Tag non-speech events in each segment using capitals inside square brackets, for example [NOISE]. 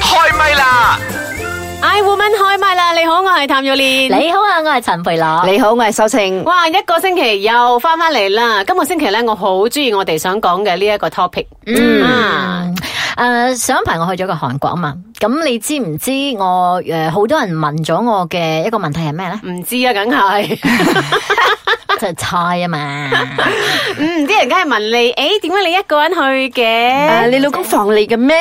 開咪啦！Iwoman 開咪啦！你好，我係譚玉蓮。你好啊，我係陳培羅。你好，我係秀晴。哇，一個星期又翻翻嚟啦！今個星期咧，我好中意我哋想講嘅呢一個 topic。嗯，誒、啊，上一排我去咗個韓國啊嘛。咁你知唔知我誒好、呃、多人問咗我嘅一個問題係咩咧？唔知啊，梗係。 [LAUGHS] [LAUGHS] 猜啊嘛， [LAUGHS] 嗯，啲人梗係問你，誒、欸，點解你一個人去嘅、啊？你老公放你嘅咩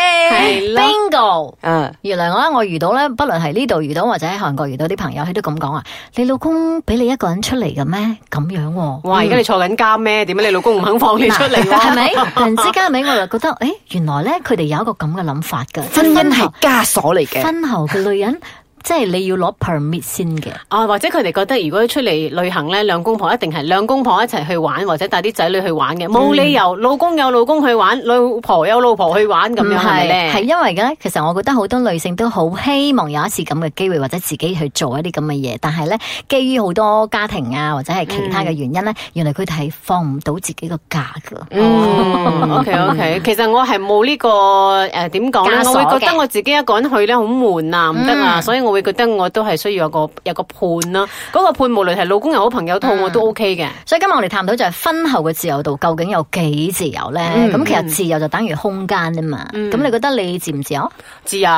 ？Bingo，嗯，原來我咧，我遇到咧，不論係呢度遇到或者喺韓國遇到啲朋友，佢都咁講啊，你老公俾你一個人出嚟嘅咩？咁樣，嗯、哇，而家你坐緊監咩？點解你老公唔肯放你出嚟？係咪 [LAUGHS] 那？ [LAUGHS] 人之間尾，我就覺得，誒、欸，原來咧，佢哋有一個咁嘅諗法㗎，婚姻係枷鎖嚟嘅，婚後嘅女人。 [LAUGHS] [LAUGHS] 即係你要攞 permit 先嘅，啊或者佢哋覺得如果出嚟旅行咧，兩公婆一定係兩公婆一齊去玩，或者帶啲仔女去玩嘅，冇理由老公有老公去玩，老婆有老婆去玩咁樣係咪咧？係因為咧，其實我覺得好多女性都好希望有一次咁嘅機會，或者自己去做一啲咁嘅嘢，但係咧基於好多家庭啊或者係其他嘅原因咧，原來佢哋係放唔到自己個假噶。O K O K，其實我係冇呢個誒點講咧，我會覺得我自己一個人去咧好悶啊，唔得啊，所以我。我會覺得我都係需要有個有個判啦，嗰、那個判無論係老公又好朋友套、嗯、我都 O K 嘅。所以今日我哋探討就係婚後嘅自由度究竟有幾自由咧？咁、嗯嗯、其實自由就等於空間啊嘛。咁、嗯、你覺得你自唔自由？自由，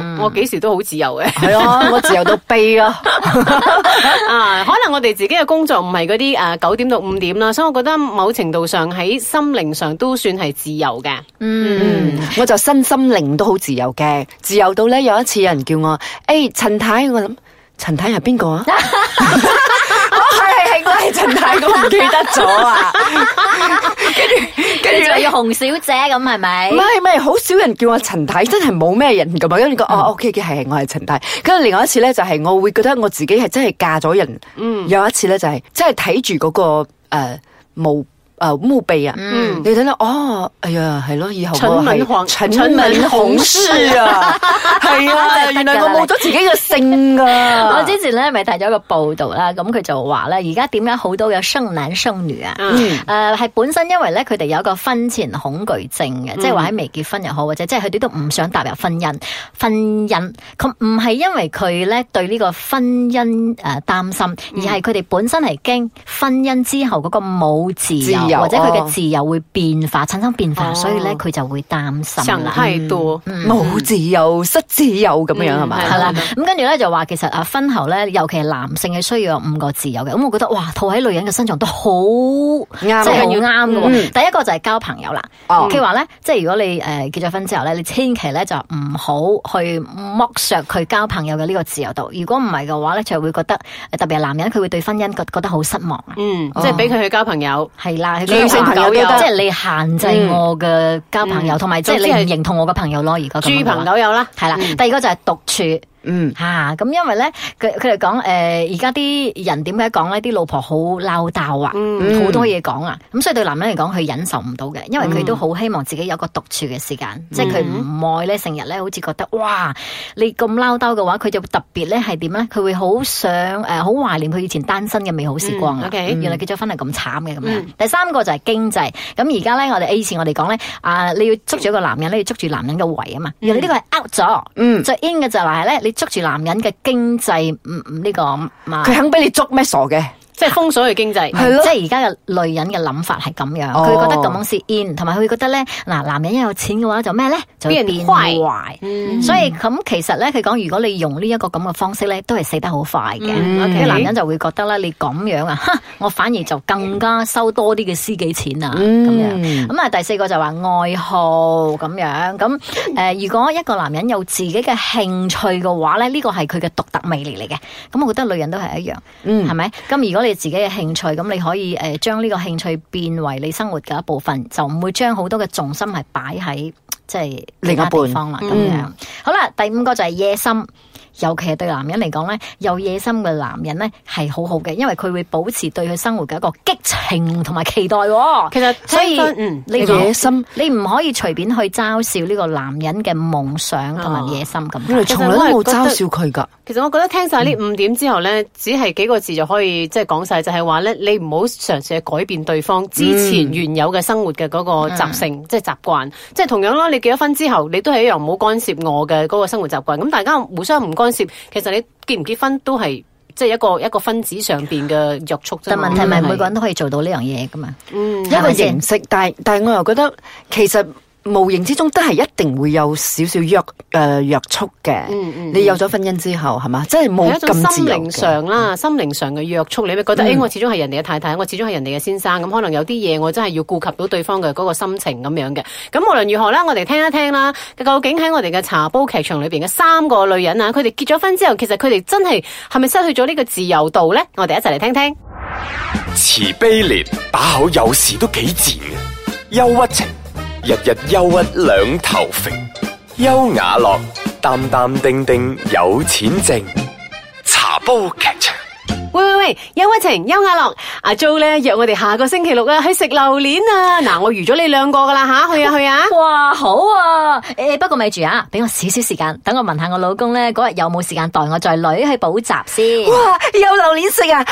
嗯、我幾時都好自由嘅。係、嗯、啊，我自由到痹啊！啊， [LAUGHS] [LAUGHS] 可能我哋自己嘅工作唔係嗰啲誒九點到五點啦，所以我覺得某程度上喺心靈上都算係自由嘅。嗯、嗯，我就身心靈都好自由嘅，自由到咧有一次有人叫我、欸欸陳太太，我諗，陳太係邊個啊？係係、 [LAUGHS] [LAUGHS] 哦、我係陳太太，我唔記得咗啊！跟住跟住就要洪小姐咁係咪？唔係唔係，好少人叫我陳太，真係冇咩人噶嘛跟住個哦，OK 嘅，係係我係陳太。跟住另外一次咧，就係、是、我會覺得我自己係真係嫁咗人。嗯，有一次咧就係、是、真係睇住嗰個誒冇。呃啊墓碑啊，嗯、你睇到哦，哎呀係咯，以後陳門黃、陳門黃氏啊，係 [LAUGHS] 啊，原來我冇咗自己嘅姓噶。 [LAUGHS] 我之前咧咪睇咗個報道啦，咁佢就話咧，而家點解好多有生男生女啊？誒係、嗯呃、本身因為咧佢哋有一個婚前恐懼症嘅，嗯、即係話喺未結婚又好，或者即係佢哋都唔想踏入婚姻。婚姻佢唔係因為佢咧對呢個婚姻誒擔心，而係佢哋本身係驚婚姻之後嗰個冇自由。或者佢嘅自由會變化，產生變化，所以咧佢就會擔心啦。人太多，冇自由，失自由咁樣係咪？係啦。咁跟住咧就話其實啊，婚後咧，尤其係男性係需要有五個自由嘅。咁我覺得哇，套喺女人嘅身上都好啱，要啱嘅。第一個就係交朋友啦。譬如話咧，即係如果你誒結咗婚之後咧，你千祈咧就唔好去剝削佢交朋友嘅呢個自由度。如果唔係嘅話咧，就會覺得特別係男人，佢會對婚姻覺覺得好失望。嗯，即係俾佢去交朋友係啦。女性朋友即係你限制我嘅交朋友，同埋、嗯、即係你唔認同我嘅朋友咯。而家、嗯，豬朋狗友啦，係啦了。嗯、第二個就係獨處。嗯吓，咁、啊、因為咧佢佢哋講誒而家啲人點解講咧？啲老婆好嘮叨啊，好、嗯、多嘢講啊，咁所以對男人嚟講佢忍受唔到嘅，因為佢都好希望自己有個獨處嘅時間，嗯、即係佢唔愛咧，成日咧好似覺得哇你咁嘮叨嘅話，佢就特別咧係點咧？佢會好想誒好懷念佢以前單身嘅美好時光啊！嗯 okay，嗯、原來結咗婚係咁慘嘅咁樣。第三個就係經濟，咁而家咧我哋以前我哋講咧啊，你要捉住一個男人，你要捉住男人嘅胃啊嘛，原來呢個、嗯、而呢個係 out 咗、嗯，最 in 嘅就係咧你。捉住男人嘅經濟，唔唔呢個，佢、嗯、肯俾你捉咩傻嘅？即係封鎖佢經濟，嗯嗯、即係而家嘅女人嘅諗法係咁樣，佢、哦、覺得咁樣是 in，同埋佢覺得咧，嗱，男人一有錢嘅話就咩咧，就變壞，嗯、所以咁其實咧，佢講，如果你用呢一個咁嘅方式咧，都係死得好快嘅。因為、嗯 okay，男人就會覺得咧，你咁樣啊，我反而就更加收多啲嘅私己錢啊，咁、嗯、樣，咁啊，第四個就話愛好咁樣，咁誒、呃，如果一個男人有自己嘅興趣嘅話咧，呢、呢個係佢嘅獨特魅力嚟嘅，咁我覺得女人都係一樣，嗯，係咪？咁如果。即係自己嘅興趣，咁你可以誒將呢個興趣變為你生活嘅一部分，就唔會將好多嘅重心係擺喺即係另一地方啦。咁樣、嗯、好啦，第五個就係野心，尤其係對男人嚟講咧，有野心嘅男人咧係好好嘅，因為佢會保持對佢生活嘅一個激情同埋期待、哦。其實所以，嗯、你不野心，你唔可以隨便去嘲笑呢個男人嘅夢想同埋野心咁。啊、因為從來都冇嘲笑佢㗎。嗯其實我覺得聽晒呢五點之後咧，嗯、只係幾個字就可以即係講晒，就係話咧，你唔好嘗試去改變對方之前原有嘅生活嘅嗰個習性，嗯、即係習慣。即係同樣啦，你結咗婚之後，你都係一樣唔好干涉我嘅嗰個生活習慣。咁、嗯、大家互相唔干涉，其實你結唔結婚都係即係一個一個分子上邊嘅約束。但問題係、嗯、每個人都可以做到呢樣嘢噶嘛？一個形式，但係但係我又覺得其實。無形之中都係一定會有少少約誒約束嘅。呃嗯嗯嗯、你有咗婚姻之後，係嘛？即係冇咁自由嘅。係一種心靈上啦，嗯、心靈上嘅約束。你咪覺得，哎、嗯，我始終係人哋嘅太太，我始終係人哋嘅先生。咁可能有啲嘢，我真係要顧及到對方嘅嗰個心情咁樣嘅。咁無論如何啦，我哋聽一聽啦。究竟喺我哋嘅茶煲劇場裏邊嘅三個女人啊，佢哋結咗婚之後，其實佢哋真係係咪失去咗呢個自由度呢？我哋一齊嚟聽聽。慈悲烈把口有時都幾賤嘅，憂鬱情。日日憂鬱兩頭肥，優雅樂淡淡定定有錢剩，茶煲劇場。喂喂喂，邱屈情、優雅樂啊，Jo 咧約我哋下個星期六啊去食榴蓮啊！嗱，我預咗你兩個噶啦吓，去啊去啊！哇，好啊！誒，不過咪住啊，俾我少少時間，等我問下我老公咧，嗰日有冇時間代我載女去補習先。哇，有榴蓮食啊！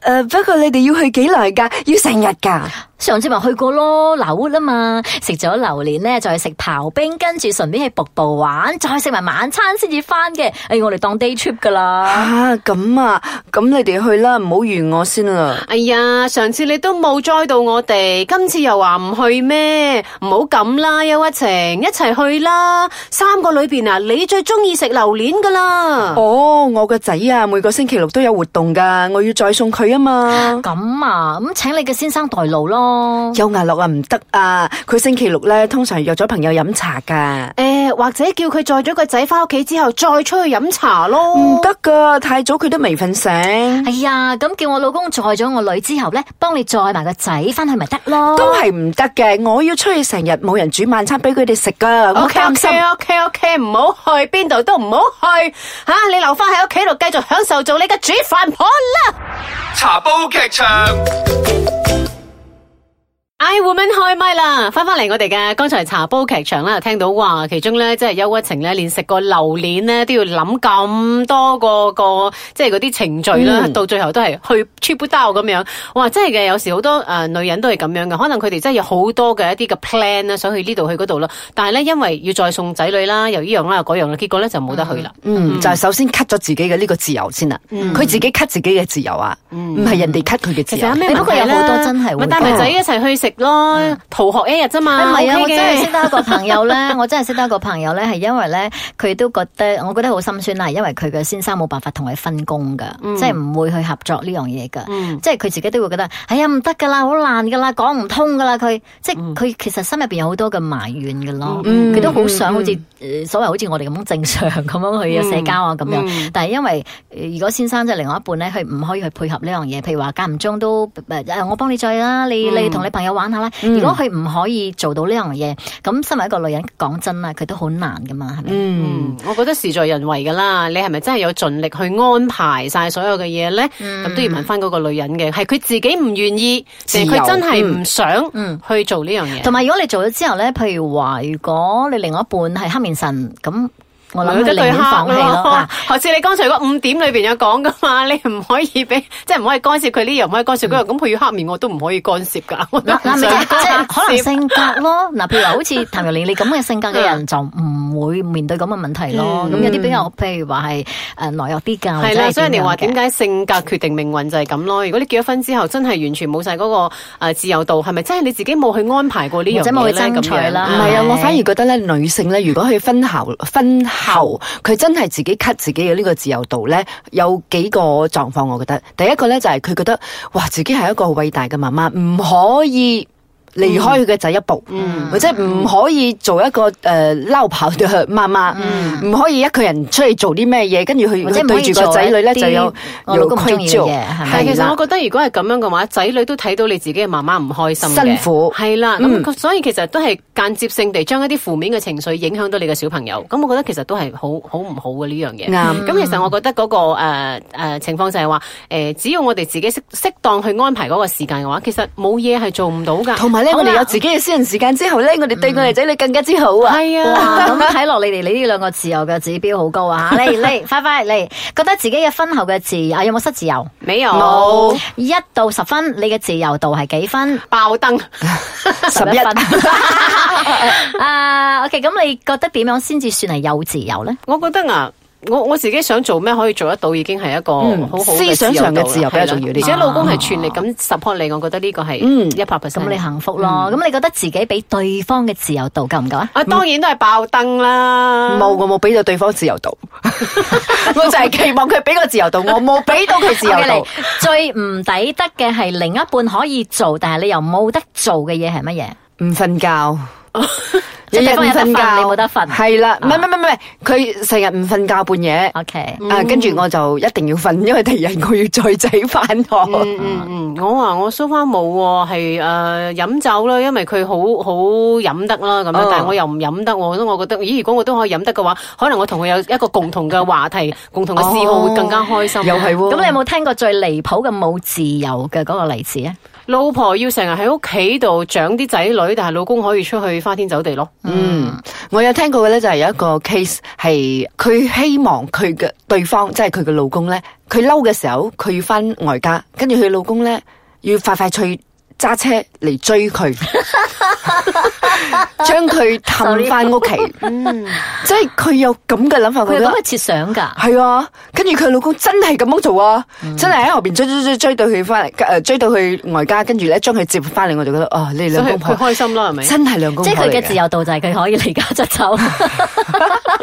誒誒，不過你哋要去幾耐噶？要成日噶？上次咪去過咯，留啦嘛，食咗榴蓮咧就係食刨冰，跟住順便去瀑布玩，再食埋晚餐先至返嘅。哎，我哋當 day trip 噶啦。吓，咁啊，咁啊，你哋去啦，唔好怨我先啦。哎呀，上次你都冇載到我哋，今次又話唔去咩？唔好咁啦，優一晴，一齊去啦。三個裏邊啊，你最中意食榴蓮噶啦。哦，我個仔啊，每個星期六都有活動噶，我要再送佢啊嘛。咁啊，咁啊，請你嘅先生代勞咯。有牙落啊，唔得啊！佢星期六咧，通常約咗朋友飲茶噶。誒，或者叫佢載咗個仔翻屋企之後，再出去飲茶咯。唔得噶，太早佢都未瞓醒。哎呀，咁叫我老公載咗我女之後咧，幫你載埋個仔翻去咪得咯。都係唔得嘅，我要出去成日冇人煮晚餐俾佢哋食噶。我放心，OK OK OK OK，唔好去邊度都唔好去，吓你留翻喺屋企度繼續享受做你嘅煮飯婆啦。茶煲劇場。Iwoman 開嘜啦，翻翻嚟我哋嘅，剛才茶煲劇場啦，聽到話，其中咧即係憂鬱情咧，連食個榴蓮咧都要諗咁多個個，即係嗰啲程序啦，到最後都係去 trip down 咁樣，哇，真係嘅，有時好多誒女人都係咁樣嘅，可能佢哋真係有好多嘅一啲嘅 plan 咧，想去呢度去嗰度咯，但係咧因為要再送仔女啦，又呢樣啦又嗰樣啦，結果咧就冇得去啦，就係首先 cut 咗自己嘅呢個自由先啦，佢自己 cut 自己嘅自由啊，唔係人哋 cut 佢嘅自由，不過有好多真係會帶埋仔一齊去食。咯，逃學一日啫嘛。唔係啊，我真係識得一個朋友咧，我真係識得一個朋友咧，係因為咧，佢都覺得，我覺得好心酸啊，因為佢嘅先生冇辦法同佢分工噶，即係唔會去合作呢樣嘢噶，即係佢自己都會覺得，哎呀，唔得噶啦，好難噶啦，講唔通噶啦，佢即係佢其實心入邊有好多嘅埋怨噶咯，佢都好想好似，所謂好似我哋咁樣正常咁樣去社交啊咁樣，但係因為如果先生即係另外一半咧，佢唔可以去配合呢樣嘢，譬如話間唔中都，我幫你再啦，你你同你朋友下啦！嗯、如果佢唔可以做到呢樣嘢，咁身為一個女人，講真啊，佢都好難噶嘛，係咪？嗯，我覺得事在人為噶啦。你係咪真係有盡力去安排晒所有嘅嘢咧？咁、嗯、都要問翻嗰個女人嘅，係佢自己唔願意，其實佢真係唔想去做呢樣嘢？同埋、嗯嗯嗯、如果你做咗之後咧，譬如話，如果你另外一半係黑面神咁。我諗都寧願放棄啦，好似你剛才嗰五點裏邊有講噶嘛，你唔可以俾，即係唔可以干涉佢呢樣，唔可以干涉嗰樣，咁佢要黑面我都唔可以干涉㗎。即係可能性格咯。嗱，譬如好似譚玉玲你咁嘅性格嘅人，就唔會面對咁嘅問題咯。咁有啲比較，譬如話係誒懦弱啲㗎。係啦，所以你話點解性格決定命運就係咁咯。如果你結咗婚之後真係完全冇晒嗰個誒自由度，係咪真係你自己冇去安排過呢樣嘢？或者冇去爭取啦？唔係啊，我反而覺得咧，女性咧，如果去婚後婚後佢真係自己畀自己嘅呢個自由度咧，有幾個狀況，我覺得第一個咧就係、是、佢覺得哇，自己係一個好偉大嘅媽媽，唔可以。離開佢嘅仔一步，嗯、或者唔可以做一個誒溜、呃、跑嘅媽媽，唔、嗯、可以一個人出去做啲咩嘢，跟住佢對住個仔女咧就有有拘束。係，其實我覺得如果係咁樣嘅話，仔女都睇到你自己嘅媽媽唔開心，辛苦。係啦，咁所以其實都係間接性地將一啲負面嘅情緒影響到你嘅小朋友。咁我覺得其實都係好好唔好嘅呢樣嘢。啱、嗯。咁其實我覺得嗰、嗰個誒誒、呃呃呃、情況就係話，誒、呃、只要我哋自己適適當去安排嗰個時間嘅話，其實冇嘢係做唔到噶。我哋有自己嘅私人時間之後咧，我哋、嗯、對我哋仔女更加之好啊！係啊，咁哇 [LAUGHS] 樣睇落你哋，你呢兩個自由嘅指標好高啊！嚟嚟， [LAUGHS] 快快嚟，覺得自己嘅婚後嘅自由有冇失自由？冇有，冇、嗯、一到十分，你嘅自由度係幾分？爆燈燈 [LAUGHS] 十一分。啊，OK，咁你覺得點樣先至算係有自由咧？我覺得啊。我我自己想做咩可以做得到，已經係一個好好思想上嘅自由比較重要啲，而且老公係全力咁 support 你，我覺得呢個係一 part 咁你幸福咯？咁你覺得自己俾對方嘅自由度夠唔夠啊？啊，當然都係爆燈啦！冇，我冇俾到對方自由度，我就係期望佢俾個自由度，我冇俾到佢自由度。最唔抵得嘅係另一半可以做，但係你又冇得做嘅嘢係乜嘢？唔瞓覺。即係得瞓覺你冇得瞓，係啦，唔係唔係唔係，佢成日唔瞓覺半夜。OK，跟住我就一定要瞓，因為第二日我要再仔返學。嗯嗯我話我蘇花冇係誒，飲酒啦，因為佢好好飲得啦咁樣，但係我又唔飲得，我覺得，咦？如果我都可以飲得嘅話，可能我同佢有一個共同嘅話題，共同嘅嗜好，會更加開心。又係喎，咁你有冇聽過最離譜嘅冇自由嘅嗰個例子咧？老婆要成日喺屋企度長啲仔女，但係老公可以出去花天酒地咯。嗯，我有聽過嘅咧就係有一個 case 係佢希望佢嘅對方即係佢嘅老公咧，佢嬲嘅時候佢要翻外家，跟住佢老公咧要快快脆揸車嚟追佢。 [LAUGHS] [LAUGHS] 將佢氹翻屋企， [MUSIC] 嗯、即係佢有咁嘅諗法，佢咁嘅設想噶，係啊、嗯，跟住佢老公真係咁樣做啊，真係喺後邊追追追追到佢翻嚟，追到去、呃、外家，跟住咧將佢接翻嚟，我就覺得哦、啊，你兩公婆開心啦，係咪真係兩公婆？即係佢嘅自由度就係佢可以離家出走， [LAUGHS]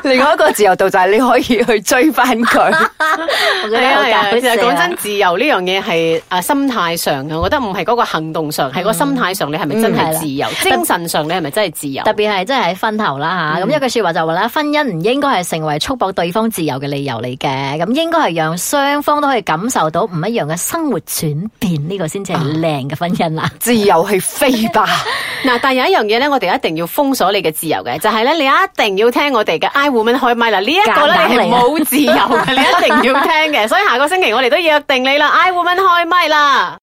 [LAUGHS] 另外一個自由度就係你可以去追翻佢、 [LAUGHS] [LAUGHS] 哎。其實講真，自由呢樣嘢係啊心態上嘅，我覺得唔係嗰個行動上，係、嗯、個心態上，你係咪真係自由？身上你係咪真係自由？特別係真係喺婚後啦吓，咁一句說話就話啦，婚姻唔應該係成為束縛對方自由嘅理由嚟嘅，咁應該係讓雙方都可以感受到唔一樣嘅生活轉變，呢、這個先至係靚嘅婚姻啦。啊、自由去飛吧，嗱， [LAUGHS] 但有一樣嘢咧，我哋一定要封鎖你嘅自由嘅，就係、是、咧，你一定要聽我哋嘅 I Woman 開嘜啦，呢一個咧係冇自由嘅，你一定要聽嘅，所以下個星期我哋都約定你啦，I Woman 開嘜啦。